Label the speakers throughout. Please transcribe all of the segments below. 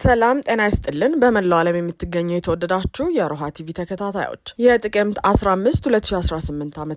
Speaker 1: ሰላም ጤና ይስጥልን። በመላው ዓለም የምትገኘው የተወደዳችሁ የሮሃ ቲቪ ተከታታዮች የጥቅምት 15 2018 ዓ ም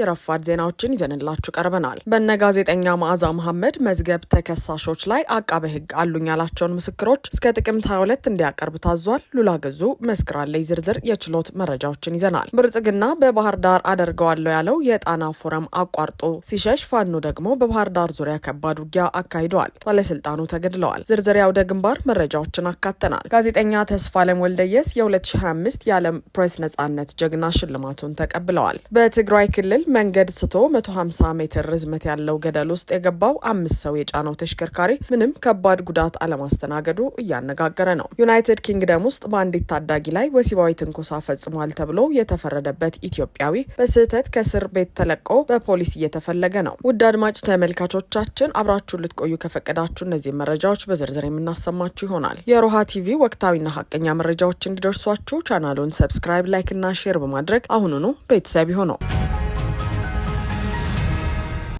Speaker 1: የረፋድ ዜናዎችን ይዘንላችሁ ቀርበናል። በነ ጋዜጠኛ መዓዛ መሐመድ መዝገብ ተከሳሾች ላይ አቃበ ሕግ አሉኝ ያላቸውን ምስክሮች እስከ ጥቅምት 22 እንዲያቀርብ ታዟል። ሉላ ገዙ መስክራለች። ዝርዝር የችሎት መረጃዎችን ይዘናል። ብልጽግና በባህር ዳር አደርገዋለሁ ያለው የጣና ፎረም አቋርጦ ሲሸሽ፣ ፋኖ ደግሞ በባህር ዳር ዙሪያ ከባድ ውጊያ አካሂደዋል። ባለስልጣኑ ተገድለዋል። ዝርዝር ያውደ ግንባር መረጃ መረጃዎችን አካተናል። ጋዜጠኛ ተስፋለም ወልደየስ የ2025 የዓለም ፕሬስ ነጻነት ጀግና ሽልማቱን ተቀብለዋል። በትግራይ ክልል መንገድ ስቶ 150 ሜትር ርዝመት ያለው ገደል ውስጥ የገባው አምስት ሰው የጫነው ተሽከርካሪ ምንም ከባድ ጉዳት አለማስተናገዱ እያነጋገረ ነው። ዩናይትድ ኪንግደም ውስጥ በአንዲት ታዳጊ ላይ ወሲባዊ ትንኮሳ ፈጽሟል ተብሎ የተፈረደበት ኢትዮጵያዊ በስህተት ከእስር ቤት ተለቆ በፖሊስ እየተፈለገ ነው። ውድ አድማጭ ተመልካቾቻችን አብራችሁ ልትቆዩ ከፈቀዳችሁ እነዚህ መረጃዎች በዝርዝር የምናሰማችሁ ይሆናል። ይሆናል። የሮሃ ቲቪ ወቅታዊና ሀቀኛ መረጃዎች እንዲደርሷችሁ ቻናሉን ሰብስክራይብ፣ ላይክ እና ሼር በማድረግ አሁኑኑ ቤተሰብ ይሁኑ።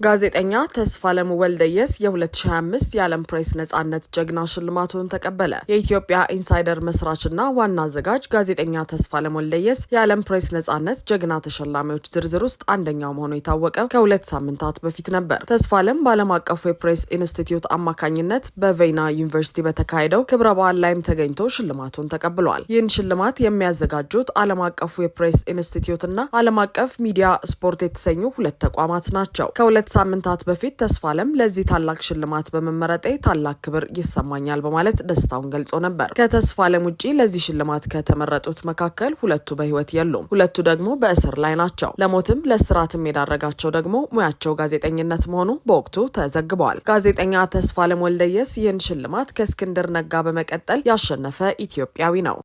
Speaker 1: ጋዜጠኛ ተስፋለም ወልደየስ የ2025 የዓለም ፕሬስ ነጻነት ጀግና ሽልማቱን ተቀበለ። የኢትዮጵያ ኢንሳይደር መስራችና ዋና አዘጋጅ ጋዜጠኛ ተስፋለም ወልደየስ የዓለም ፕሬስ ነጻነት ጀግና ተሸላሚዎች ዝርዝር ውስጥ አንደኛው መሆኑ የታወቀ ከሁለት ሳምንታት በፊት ነበር። ተስፋለም በዓለም አቀፉ የፕሬስ ኢንስቲትዩት አማካኝነት በቬና ዩኒቨርሲቲ በተካሄደው ክብረ በዓል ላይም ተገኝቶ ሽልማቱን ተቀብሏል። ይህን ሽልማት የሚያዘጋጁት ዓለም አቀፉ የፕሬስ ኢንስቲትዩት ና ዓለም አቀፍ ሚዲያ ስፖርት የተሰኙ ሁለት ተቋማት ናቸው። ከሁለት ሳምንታት በፊት ተስፋለም ለዚህ ታላቅ ሽልማት በመመረጤ ታላቅ ክብር ይሰማኛል በማለት ደስታውን ገልጾ ነበር። ከተስፋለም ውጪ ለዚህ ሽልማት ከተመረጡት መካከል ሁለቱ በህይወት የሉም፣ ሁለቱ ደግሞ በእስር ላይ ናቸው። ለሞትም ለስርዓትም የዳረጋቸው ደግሞ ሙያቸው ጋዜጠኝነት መሆኑ በወቅቱ ተዘግበዋል። ጋዜጠኛ ተስፋለም ወልደየስ ይህን ሽልማት ከእስክንድር ነጋ በመቀጠል ያሸነፈ ኢትዮጵያዊ ነው።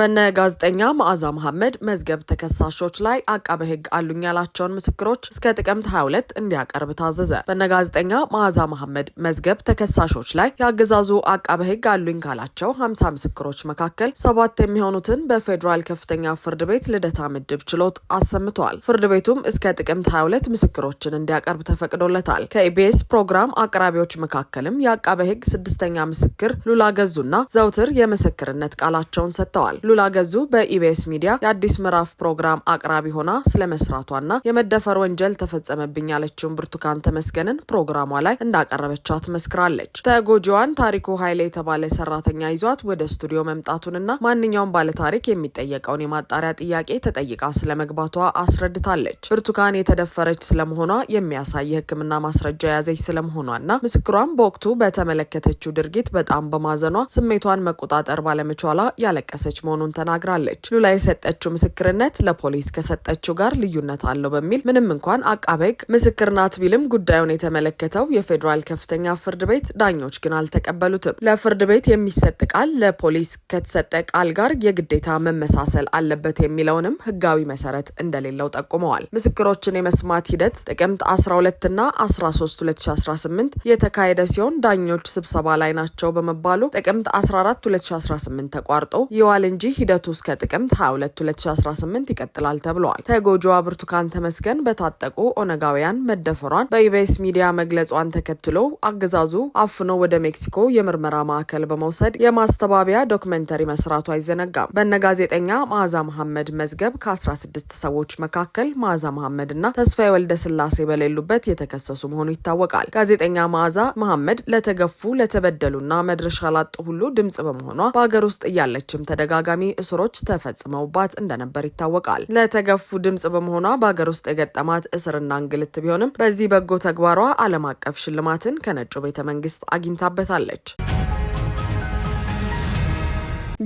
Speaker 1: በነ ጋዜጠኛ መዓዛ መሐመድ መዝገብ ተከሳሾች ላይ አቃቤ ሕግ አሉኝ ያላቸውን ምስክሮች እስከ ጥቅምት 22 እንዲያቀርብ ታዘዘ። በነ ጋዜጠኛ መዓዛ መሐመድ መዝገብ ተከሳሾች ላይ የአገዛዙ አቃቤ ሕግ አሉኝ ካላቸው 50 ምስክሮች መካከል ሰባት የሚሆኑትን በፌዴራል ከፍተኛ ፍርድ ቤት ልደታ ምድብ ችሎት አሰምተዋል። ፍርድ ቤቱም እስከ ጥቅምት 22 ምስክሮችን እንዲያቀርብ ተፈቅዶለታል። ከኢቢኤስ ፕሮግራም አቅራቢዎች መካከልም የአቃቤ ሕግ ስድስተኛ ምስክር ሉላ ገዙና ዘውትር የምስክርነት ቃላቸውን ሰጥተዋል። ሉላ ገዙ በኢቢኤስ ሚዲያ የአዲስ ምዕራፍ ፕሮግራም አቅራቢ ሆና ስለ መስራቷና የመደፈር ወንጀል ተፈጸመብኝ ያለችውን ብርቱካን ተመስገንን ፕሮግራሟ ላይ እንዳቀረበቻ ትመስክራለች። ተጎጂዋን ታሪኩ ኃይሌ የተባለ ሰራተኛ ይዟት ወደ ስቱዲዮ መምጣቱንና ማንኛውም ባለታሪክ የሚጠየቀውን የማጣሪያ ጥያቄ ተጠይቃ ስለመግባቷ አስረድታለች። ብርቱካን የተደፈረች ስለመሆኗ የሚያሳይ የሕክምና ማስረጃ የያዘች ስለመሆኗና ምስክሯም በወቅቱ በተመለከተችው ድርጊት በጣም በማዘኗ ስሜቷን መቆጣጠር ባለመቻሏ ያለቀሰች መሆ መሆኑን ተናግራለች። ሉላ የሰጠችው ምስክርነት ለፖሊስ ከሰጠችው ጋር ልዩነት አለው በሚል ምንም እንኳን አቃቤ ሕግ ምስክር ናት ቢልም ጉዳዩን የተመለከተው የፌዴራል ከፍተኛ ፍርድ ቤት ዳኞች ግን አልተቀበሉትም። ለፍርድ ቤት የሚሰጥ ቃል ለፖሊስ ከተሰጠ ቃል ጋር የግዴታ መመሳሰል አለበት የሚለውንም ህጋዊ መሰረት እንደሌለው ጠቁመዋል። ምስክሮችን የመስማት ሂደት ጥቅምት 12 እና 13 2018 የተካሄደ ሲሆን ዳኞች ስብሰባ ላይ ናቸው በመባሉ ጥቅምት 14 2018 ተቋርጦ ይዋል እንጂ እንጂ ሂደቱ እስከ ጥቅምት 22 2018 ይቀጥላል ተብለዋል። ተጎጂዋ ብርቱካን ተመስገን በታጠቁ ኦነጋውያን መደፈሯን በኢቢኤስ ሚዲያ መግለጿን ተከትሎ አገዛዙ አፍኖ ወደ ሜክሲኮ የምርመራ ማዕከል በመውሰድ የማስተባበያ ዶክመንተሪ መስራቱ አይዘነጋም። በነ ጋዜጠኛ መዓዛ መሐመድ መዝገብ ከ16 ሰዎች መካከል መዓዛ መሐመድ እና ተስፋዬ ወልደ ስላሴ በሌሉበት የተከሰሱ መሆኑ ይታወቃል። ጋዜጠኛ መዓዛ መሐመድ ለተገፉ ለተበደሉና መድረሻ ላጡ ሁሉ ድምጽ በመሆኗ በሀገር ውስጥ እያለችም ተደጋጋሚ ተደጋጋሚ እስሮች ተፈጽመውባት እንደነበር ይታወቃል። ለተገፉ ድምጽ በመሆኗ በሀገር ውስጥ የገጠማት እስርና እንግልት ቢሆንም በዚህ በጎ ተግባሯ ዓለም አቀፍ ሽልማትን ከነጩ ቤተ መንግስት አግኝታበታለች።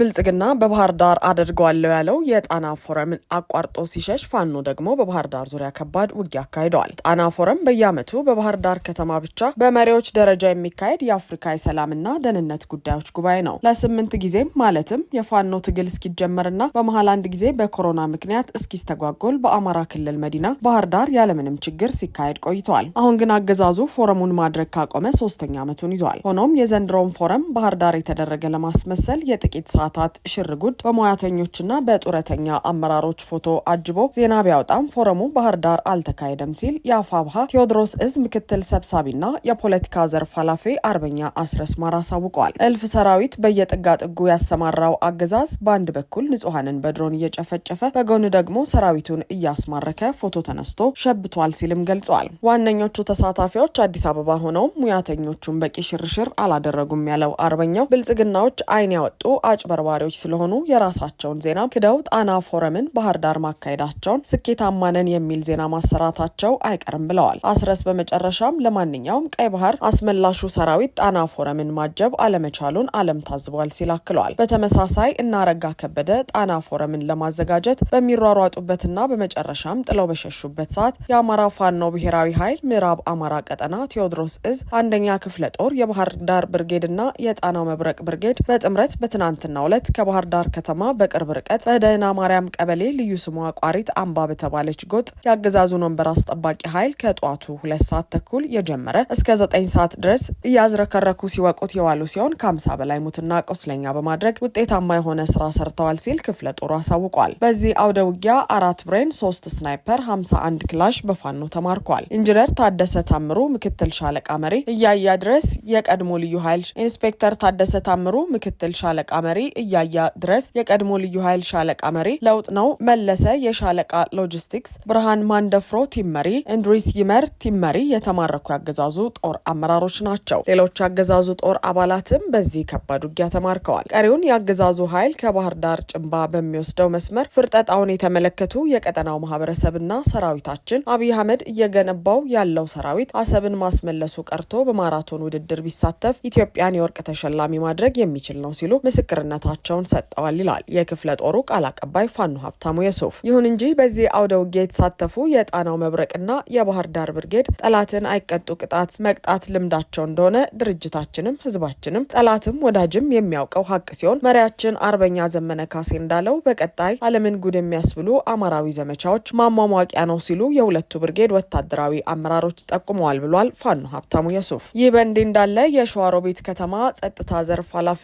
Speaker 1: ብልጽግና በባህር ዳር አደርገዋለሁ ያለው የጣና ፎረምን አቋርጦ ሲሸሽ ፋኖ ደግሞ በባህር ዳር ዙሪያ ከባድ ውጊያ አካሂደዋል። ጣና ፎረም በየዓመቱ በባህር ዳር ከተማ ብቻ በመሪዎች ደረጃ የሚካሄድ የአፍሪካ የሰላምና ደህንነት ጉዳዮች ጉባኤ ነው። ለስምንት ጊዜም ማለትም የፋኖ ትግል እስኪጀመርና በመሀል አንድ ጊዜ በኮሮና ምክንያት እስኪስተጓጎል በአማራ ክልል መዲና ባህር ዳር ያለምንም ችግር ሲካሄድ ቆይተዋል። አሁን ግን አገዛዙ ፎረሙን ማድረግ ካቆመ ሶስተኛ ዓመቱን ይዟል። ሆኖም የዘንድሮውን ፎረም ባህር ዳር የተደረገ ለማስመሰል የጥቂት ሰዓት ሰዓታት ሽርጉድ በሙያተኞችና በጡረተኛ አመራሮች ፎቶ አጅቦ ዜና ቢያወጣም ፎረሙ ባህር ዳር አልተካሄደም ሲል የአፋብሃ ቴዎድሮስ እዝ ምክትል ሰብሳቢና የፖለቲካ ዘርፍ ኃላፊ አርበኛ አስረስ ማር አሳውቀዋል። እልፍ ሰራዊት በየጥጋ ጥጉ ያሰማራው አገዛዝ በአንድ በኩል ንጹሐንን በድሮን እየጨፈጨፈ በጎን ደግሞ ሰራዊቱን እያስማረከ ፎቶ ተነስቶ ሸብቷል ሲልም ገልጸዋል። ዋነኞቹ ተሳታፊዎች አዲስ አበባ ሆነውም ሙያተኞቹን በቂ ሽርሽር አላደረጉም ያለው አርበኛው ብልጽግናዎች አይን ያወጡ አጭበ አጭበርባሪዎች ስለሆኑ የራሳቸውን ዜና ክደው ጣና ፎረምን ባህር ዳር ማካሄዳቸውን ስኬታማነን የሚል ዜና ማሰራታቸው አይቀርም ብለዋል። አስረስ በመጨረሻም ለማንኛውም ቀይ ባህር አስመላሹ ሰራዊት ጣና ፎረምን ማጀብ አለመቻሉን ዓለም ታዝቧል ሲል አክለዋል። በተመሳሳይ እናረጋ ከበደ ጣና ፎረምን ለማዘጋጀት በሚሯሯጡበትና በመጨረሻም ጥለው በሸሹበት ሰዓት የአማራ ፋኖ ብሔራዊ ኃይል ምዕራብ አማራ ቀጠና ቴዎድሮስ እዝ አንደኛ ክፍለ ጦር የባህር ዳር ብርጌድና የጣናው መብረቅ ብርጌድ በጥምረት በትናንትና በትናንትናው ዕለት ከባህር ዳር ከተማ በቅርብ ርቀት በደህና ማርያም ቀበሌ ልዩ ስሙ አቋሪት አምባ በተባለች ጎጥ የአገዛዙን ወንበር አስጠባቂ ኃይል ከጠዋቱ ሁለት ሰዓት ተኩል የጀመረ እስከ ዘጠኝ ሰዓት ድረስ እያዝረከረኩ ሲወቁት የዋሉ ሲሆን ከአምሳ በላይ ሙትና ቆስለኛ በማድረግ ውጤታማ የሆነ ስራ ሰርተዋል ሲል ክፍለ ጦሩ አሳውቋል። በዚህ አውደ ውጊያ አራት ብሬን፣ ሶስት ስናይፐር፣ ሀምሳ አንድ ክላሽ በፋኖ ተማርኳል። ኢንጂነር ታደሰ ታምሩ ምክትል ሻለቃ መሪ እያያ ድረስ የቀድሞ ልዩ ኃይል ኢንስፔክተር ታደሰ ታምሩ ምክትል ሻለቃ መሪ እያያ ድረስ የቀድሞ ልዩ ኃይል ሻለቃ መሪ ለውጥ ነው መለሰ የሻለቃ ሎጂስቲክስ ብርሃን ማንደፍሮ ቲም መሪ እንድሪስ ይመር ቲም መሪ የተማረኩ ያገዛዙ ጦር አመራሮች ናቸው። ሌሎች ያገዛዙ ጦር አባላትም በዚህ ከባድ ውጊያ ተማርከዋል። ቀሪውን የአገዛዙ ኃይል ከባህር ዳር ጭንባ በሚወስደው መስመር ፍርጠጣውን የተመለከቱ የቀጠናው ማህበረሰብና ሰራዊታችን አብይ አህመድ እየገነባው ያለው ሰራዊት አሰብን ማስመለሱ ቀርቶ በማራቶን ውድድር ቢሳተፍ ኢትዮጵያን የወርቅ ተሸላሚ ማድረግ የሚችል ነው ሲሉ ምስክርነት ምስክርነታቸውን ሰጠዋል ይላል የክፍለ ጦሩ ቃል አቀባይ ፋኖ ሀብታሙ የሱፍ። ይሁን እንጂ በዚህ አውደ ውጊያ የተሳተፉ የጣናው መብረቅና የባህር ዳር ብርጌድ ጠላትን አይቀጡ ቅጣት መቅጣት ልምዳቸው እንደሆነ ድርጅታችንም ህዝባችንም ጠላትም ወዳጅም የሚያውቀው ሀቅ ሲሆን መሪያችን አርበኛ ዘመነ ካሴ እንዳለው በቀጣይ ዓለምን ጉድ የሚያስብሉ አማራዊ ዘመቻዎች ማሟሟቂያ ነው ሲሉ የሁለቱ ብርጌድ ወታደራዊ አመራሮች ጠቁመዋል ብሏል ፋኖ ሀብታሙ የሱፍ። ይህ በእንዲህ እንዳለ የሸዋሮቢት ከተማ ጸጥታ ዘርፍ ኃላፊ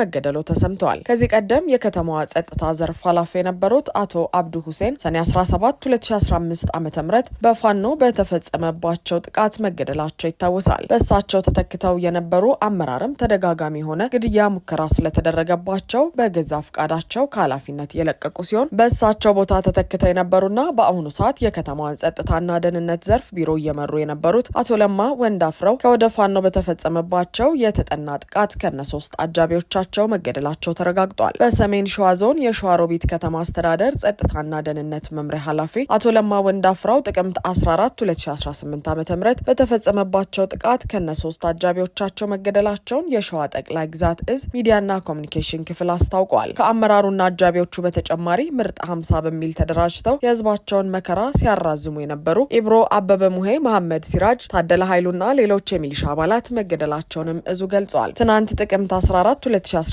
Speaker 1: መ መገደሉ ተሰምተዋል። ከዚህ ቀደም የከተማዋ ጸጥታ ዘርፍ ኃላፊ የነበሩት አቶ አብዱ ሁሴን ሰኔ 17 2015 ዓ ም በፋኖ በተፈጸመባቸው ጥቃት መገደላቸው ይታወሳል። በእሳቸው ተተክተው የነበሩ አመራርም ተደጋጋሚ የሆነ ግድያ ሙከራ ስለተደረገባቸው በገዛ ፈቃዳቸው ከኃላፊነት የለቀቁ ሲሆን በእሳቸው ቦታ ተተክተው የነበሩና በአሁኑ ሰዓት የከተማዋን ጸጥታና ደህንነት ዘርፍ ቢሮ እየመሩ የነበሩት አቶ ለማ ወንዳፍረው ከወደ ፋኖ በተፈጸመባቸው የተጠና ጥቃት ከነ ሶስት አጃቢዎቻቸው በመኪናቸው መገደላቸው ተረጋግጧል። በሰሜን ሸዋ ዞን የሸዋሮቢት ከተማ አስተዳደር ጸጥታና ደህንነት መምሪያ ኃላፊ አቶ ለማ ወንዳፍራው ጥቅምት 14 2018 ዓ ም በተፈጸመባቸው ጥቃት ከነ ሶስት አጃቢዎቻቸው መገደላቸውን የሸዋ ጠቅላይ ግዛት እዝ ሚዲያና ኮሚኒኬሽን ክፍል አስታውቋል። ከአመራሩና አጃቢዎቹ በተጨማሪ ምርጥ 50 በሚል ተደራጅተው የህዝባቸውን መከራ ሲያራዝሙ የነበሩ ኢብሮ አበበ ሙሄ፣ መሐመድ ሲራጅ፣ ታደለ ኃይሉና ሌሎች የሚሊሻ አባላት መገደላቸውንም እዙ ገልጿል። ትናንት ጥቅምት 14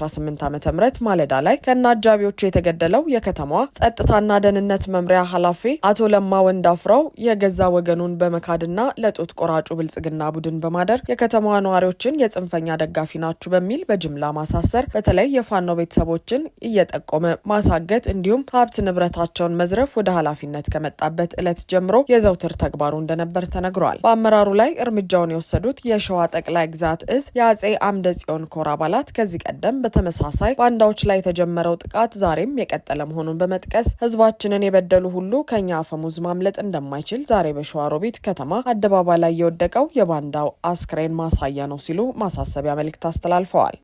Speaker 1: 2018 ዓ ም ማለዳ ላይ ከነ አጃቢዎቹ የተገደለው የከተማዋ ጸጥታና ደህንነት መምሪያ ኃላፊ አቶ ለማ ወንዳፍራው የገዛ ወገኑን በመካድና ለጡት ቆራጩ ብልጽግና ቡድን በማደር የከተማዋ ነዋሪዎችን የጽንፈኛ ደጋፊ ናችሁ በሚል በጅምላ ማሳሰር፣ በተለይ የፋኖ ቤተሰቦችን እየጠቆመ ማሳገት እንዲሁም ሀብት ንብረታቸውን መዝረፍ ወደ ኃላፊነት ከመጣበት ዕለት ጀምሮ የዘውትር ተግባሩ እንደነበር ተነግሯል። በአመራሩ ላይ እርምጃውን የወሰዱት የሸዋ ጠቅላይ ግዛት እዝ የአጼ አምደ ጽዮን ኮር አባላት ከዚህ ቀደም በተመሳሳይ ባንዳዎች ላይ የተጀመረው ጥቃት ዛሬም የቀጠለ መሆኑን በመጥቀስ ህዝባችንን የበደሉ ሁሉ ከኛ አፈሙዝ ማምለጥ እንደማይችል ዛሬ በሸዋሮቢት ከተማ አደባባይ ላይ የወደቀው የባንዳው አስክሬን ማሳያ ነው ሲሉ ማሳሰቢያ መልእክት አስተላልፈዋል።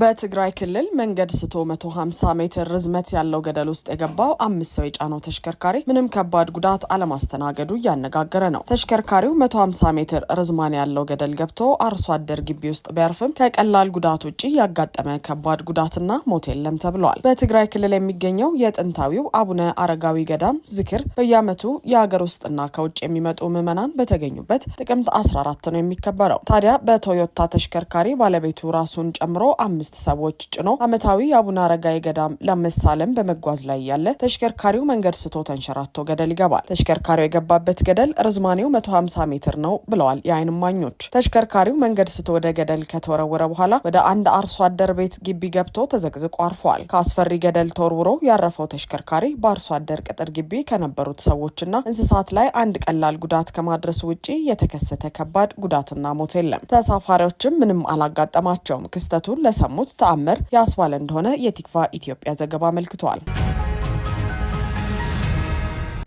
Speaker 1: በትግራይ ክልል መንገድ ስቶ 150 ሜትር ርዝመት ያለው ገደል ውስጥ የገባው አምስት ሰው የጫነው ተሽከርካሪ ምንም ከባድ ጉዳት አለማስተናገዱ እያነጋገረ ነው። ተሽከርካሪው 150 ሜትር ርዝማን ያለው ገደል ገብቶ አርሶ አደር ግቢ ውስጥ ቢያርፍም ከቀላል ጉዳት ውጭ ያጋጠመ ከባድ ጉዳትና ሞት የለም ተብሏል። በትግራይ ክልል የሚገኘው የጥንታዊው አቡነ አረጋዊ ገዳም ዝክር በየዓመቱ የአገር ውስጥና ከውጭ የሚመጡ ምዕመናን በተገኙበት ጥቅምት 14 ነው የሚከበረው። ታዲያ በቶዮታ ተሽከርካሪ ባለቤቱ ራሱን ጨምሮ አምስት አምስት ሰዎች ጭኖ ዓመታዊ የአቡነ አረጋዊ ገዳም ለመሳለም በመጓዝ ላይ ያለ ተሽከርካሪው መንገድ ስቶ ተንሸራቶ ገደል ይገባል። ተሽከርካሪው የገባበት ገደል ርዝማኔው 150 ሜትር ነው ብለዋል የአይን እማኞች። ተሽከርካሪው መንገድ ስቶ ወደ ገደል ከተወረወረ በኋላ ወደ አንድ አርሶ አደር ቤት ግቢ ገብቶ ተዘቅዝቆ አርፏል። ከአስፈሪ ገደል ተወርውሮ ያረፈው ተሽከርካሪ በአርሶ አደር ቅጥር ግቢ ከነበሩት ሰዎችና እንስሳት ላይ አንድ ቀላል ጉዳት ከማድረሱ ውጪ የተከሰተ ከባድ ጉዳትና ሞት የለም። ተሳፋሪዎችም ምንም አላጋጠማቸውም። ክስተቱን ለሰሙ የተጠቀሙት ተአምር ያስባለ እንደሆነ የቲክቫ ኢትዮጵያ ዘገባ አመልክቷል።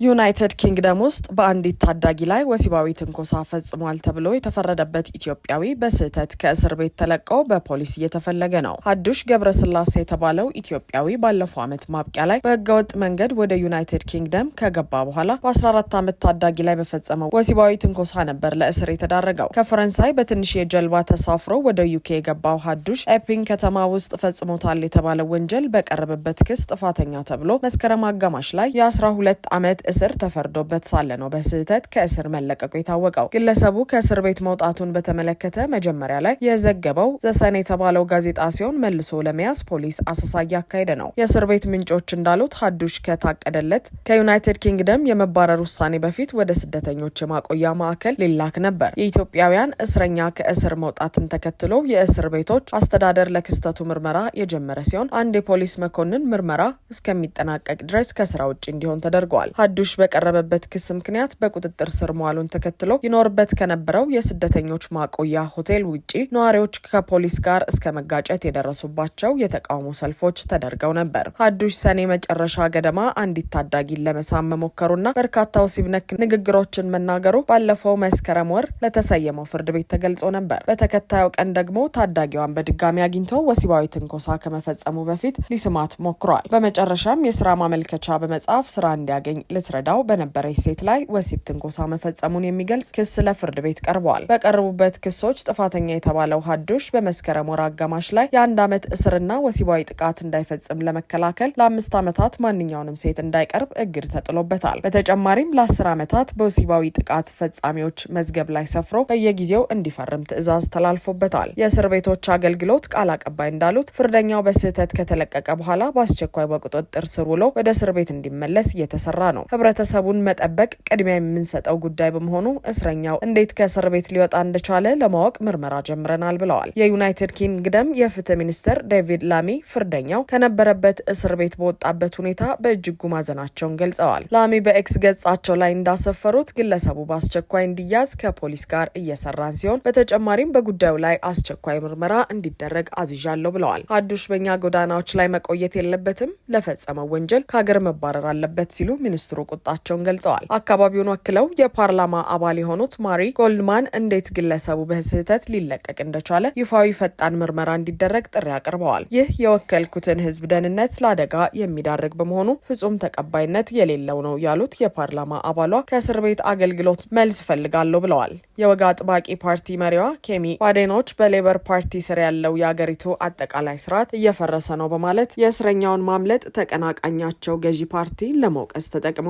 Speaker 1: ዩናይትድ ኪንግደም ውስጥ በአንዲት ታዳጊ ላይ ወሲባዊ ትንኮሳ ፈጽሟል ተብሎ የተፈረደበት ኢትዮጵያዊ በስህተት ከእስር ቤት ተለቆ በፖሊስ እየተፈለገ ነው። ሀዱሽ ገብረስላሴ የተባለው ኢትዮጵያዊ ባለፈው ዓመት ማብቂያ ላይ በህገወጥ መንገድ ወደ ዩናይትድ ኪንግደም ከገባ በኋላ በ14 ዓመት ታዳጊ ላይ በፈጸመው ወሲባዊ ትንኮሳ ነበር ለእስር የተዳረገው። ከፈረንሳይ በትንሽ የጀልባ ተሳፍሮ ወደ ዩኬ የገባው ሀዱሽ ኤፒንግ ከተማ ውስጥ ፈጽሞታል የተባለው ወንጀል በቀረበበት ክስ ጥፋተኛ ተብሎ መስከረም አጋማሽ ላይ የ12 ዓመት እስር ተፈርዶበት ሳለ ነው በስህተት ከእስር መለቀቁ የታወቀው። ግለሰቡ ከእስር ቤት መውጣቱን በተመለከተ መጀመሪያ ላይ የዘገበው ዘሰን የተባለው ጋዜጣ ሲሆን መልሶ ለመያዝ ፖሊስ አሰሳ እያካሄደ ነው። የእስር ቤት ምንጮች እንዳሉት ሀዱሽ ከታቀደለት ከዩናይትድ ኪንግደም የመባረር ውሳኔ በፊት ወደ ስደተኞች የማቆያ ማዕከል ሊላክ ነበር። የኢትዮጵያውያን እስረኛ ከእስር መውጣትን ተከትሎ የእስር ቤቶች አስተዳደር ለክስተቱ ምርመራ የጀመረ ሲሆን አንድ የፖሊስ መኮንን ምርመራ እስከሚጠናቀቅ ድረስ ከስራ ውጭ እንዲሆን ተደርጓል። በኪዱሽ በቀረበበት ክስ ምክንያት በቁጥጥር ስር መዋሉን ተከትሎ ይኖርበት ከነበረው የስደተኞች ማቆያ ሆቴል ውጪ ነዋሪዎች ከፖሊስ ጋር እስከ መጋጨት የደረሱባቸው የተቃውሞ ሰልፎች ተደርገው ነበር። ሀዱሽ ሰኔ መጨረሻ ገደማ አንዲት ታዳጊን ለመሳም መሞከሩና በርካታ ወሲብ ነክ ንግግሮችን መናገሩ ባለፈው መስከረም ወር ለተሰየመው ፍርድ ቤት ተገልጾ ነበር። በተከታዩ ቀን ደግሞ ታዳጊዋን በድጋሚ አግኝቶ ወሲባዊ ትንኮሳ ከመፈጸሙ በፊት ሊስማት ሞክሯል። በመጨረሻም የስራ ማመልከቻ በመጻፍ ስራ እንዲያገኝ ልትረዳው በነበረች ሴት ላይ ወሲብ ትንኮሳ መፈጸሙን የሚገልጽ ክስ ለፍርድ ቤት ቀርበዋል። በቀረቡበት ክሶች ጥፋተኛ የተባለው ሀዶሽ በመስከረም ወር አጋማሽ ላይ የአንድ ዓመት እስርና ወሲባዊ ጥቃት እንዳይፈጽም ለመከላከል ለአምስት ዓመታት ማንኛውንም ሴት እንዳይቀርብ እግድ ተጥሎበታል። በተጨማሪም ለአስር ዓመታት በወሲባዊ ጥቃት ፈጻሚዎች መዝገብ ላይ ሰፍሮ በየጊዜው እንዲፈርም ትዕዛዝ ተላልፎበታል። የእስር ቤቶች አገልግሎት ቃል አቀባይ እንዳሉት ፍርደኛው በስህተት ከተለቀቀ በኋላ በአስቸኳይ በቁጥጥር ስር ውሎ ወደ እስር ቤት እንዲመለስ እየተሰራ ነው። ህብረተሰቡን መጠበቅ ቅድሚያ የምንሰጠው ጉዳይ በመሆኑ እስረኛው እንዴት ከእስር ቤት ሊወጣ እንደቻለ ለማወቅ ምርመራ ጀምረናል ብለዋል። የዩናይትድ ኪንግደም የፍትህ ሚኒስትር ዴቪድ ላሚ ፍርደኛው ከነበረበት እስር ቤት በወጣበት ሁኔታ በእጅጉ ማዘናቸውን ገልጸዋል። ላሚ በኤክስ ገጻቸው ላይ እንዳሰፈሩት ግለሰቡ በአስቸኳይ እንዲያዝ ከፖሊስ ጋር እየሰራን ሲሆን በተጨማሪም በጉዳዩ ላይ አስቸኳይ ምርመራ እንዲደረግ አዝዣለሁ ብለዋል። አዱሽ በእኛ ጎዳናዎች ላይ መቆየት የለበትም፣ ለፈጸመው ወንጀል ከሀገር መባረር አለበት ሲሉ ሚኒስትሩ ቁጣቸውን ገልጸዋል። አካባቢውን ወክለው የፓርላማ አባል የሆኑት ማሪ ጎልድማን እንዴት ግለሰቡ በስህተት ሊለቀቅ እንደቻለ ይፋዊ ፈጣን ምርመራ እንዲደረግ ጥሪ አቅርበዋል። ይህ የወከልኩትን ህዝብ ደህንነት ለአደጋ የሚዳርግ በመሆኑ ፍጹም ተቀባይነት የሌለው ነው ያሉት የፓርላማ አባሏ ከእስር ቤት አገልግሎት መልስ ፈልጋለሁ ብለዋል። የወግ አጥባቂ ፓርቲ መሪዋ ኬሚ ባዴኖች በሌበር ፓርቲ ስር ያለው የአገሪቱ አጠቃላይ ስርዓት እየፈረሰ ነው በማለት የእስረኛውን ማምለጥ ተቀናቃኛቸው ገዢ ፓርቲ ለመውቀስ ተጠቅመ